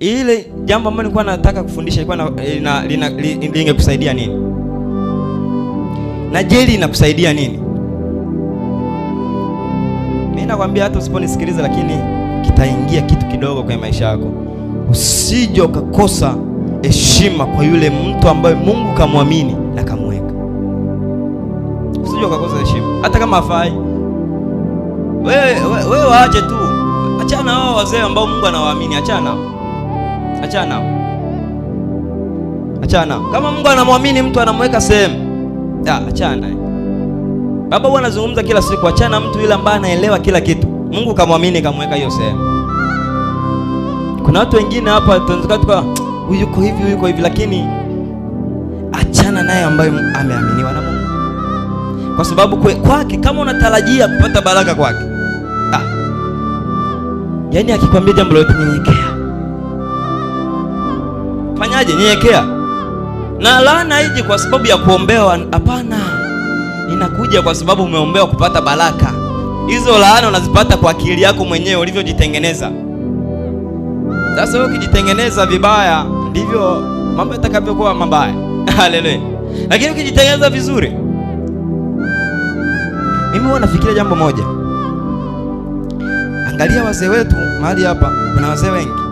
ile jambo ambalo nilikuwa nataka kufundisha ilikuwa eh, lingekusaidia nini, na jeli inakusaidia nini? Mimi nakwambia hata usiponisikiliza, lakini kitaingia kitu kidogo kwenye maisha yako, usije ukakosa heshima kwa yule mtu ambaye Mungu kamwamini na kamweka. Usije ukakosa heshima hata kama afai Wewe waache tu, achana wao wazee ambao Mungu anawaamini, achana Achana achana Kama Mungu anamwamini mtu anamweka sehemu, achana Baba huwa anazungumza kila siku, achana mtu yule ambaye anaelewa kila kitu. Mungu kamwamini, kamweka hiyo sehemu. Kuna watu wengine hapa tunazikatuka, huyu hivi, huyu hivi, lakini achana naye ambaye ameaminiwa na Mungu, kwa sababu kwake, kama unatarajia kupata baraka kwake, ah, yaani akikwambia jambo lolote, nyenyekea fanyaje? Nyenyekea. Na laana haiji kwa sababu ya kuombewa, hapana, inakuja kwa sababu umeombewa kupata baraka. Hizo laana unazipata kwa akili yako mwenyewe ulivyojitengeneza. Sasa wewe ukijitengeneza vibaya, ndivyo mambo yatakavyokuwa mabaya. Haleluya! Lakini ukijitengeneza vizuri, mimi huwa nafikiria jambo moja. Angalia wazee wetu mahali hapa, kuna wazee wengi